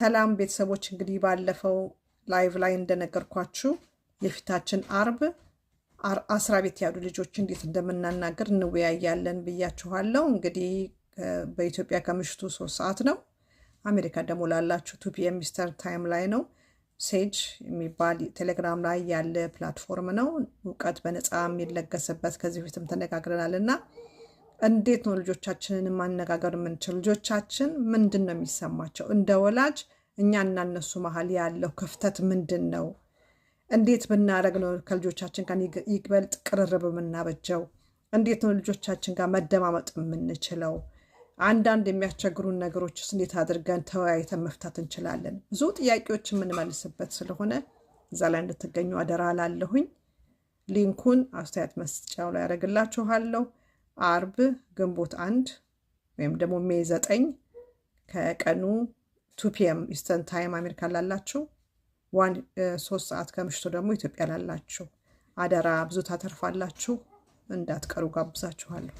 ሰላም ቤተሰቦች እንግዲህ ባለፈው ላይቭ ላይ እንደነገርኳችሁ የፊታችን አርብ አስራ ቤት ያሉ ልጆች እንዴት እንደምናናገር እንወያያለን ብያችኋለሁ። እንግዲህ በኢትዮጵያ ከምሽቱ ሶስት ሰዓት ነው። አሜሪካ ደግሞ ላላችሁ ቱ ሚስተር ታይም ላይ ነው። ሴጅ የሚባል ቴሌግራም ላይ ያለ ፕላትፎርም ነው። እውቀት በነፃ የሚለገስበት ከዚህ በፊትም ተነጋግረናል እና እንዴት ነው ልጆቻችንን ማነጋገር የምንችል? ልጆቻችን ምንድን ነው የሚሰማቸው? እንደ ወላጅ እኛ እና እነሱ መሀል ያለው ክፍተት ምንድን ነው? እንዴት ብናደረግ ነው ከልጆቻችን ጋር ይበልጥ ቅርርብ የምናበጀው? እንዴት ነው ልጆቻችን ጋር መደማመጥ የምንችለው? አንዳንድ የሚያስቸግሩን ነገሮችስ እንዴት አድርገን ተወያይተን መፍታት እንችላለን? ብዙ ጥያቄዎች የምንመልስበት ስለሆነ እዛ ላይ እንድትገኙ አደራ ላለሁኝ። ሊንኩን አስተያየት መስጫው ላይ ያደረግላችኋለሁ። አርብ ግንቦት አንድ ወይም ደግሞ ሜ ዘጠኝ ከቀኑ ቱ ኢስተን ታይም አሜሪካ ላላችሁ ዋን ሶስት ሰዓት ከምሽቱ ደግሞ ኢትዮጵያ ላላችሁ አደራ ብዙ ታተርፋላችሁ። እንዳትቀሩ ጋብዛችኋለሁ።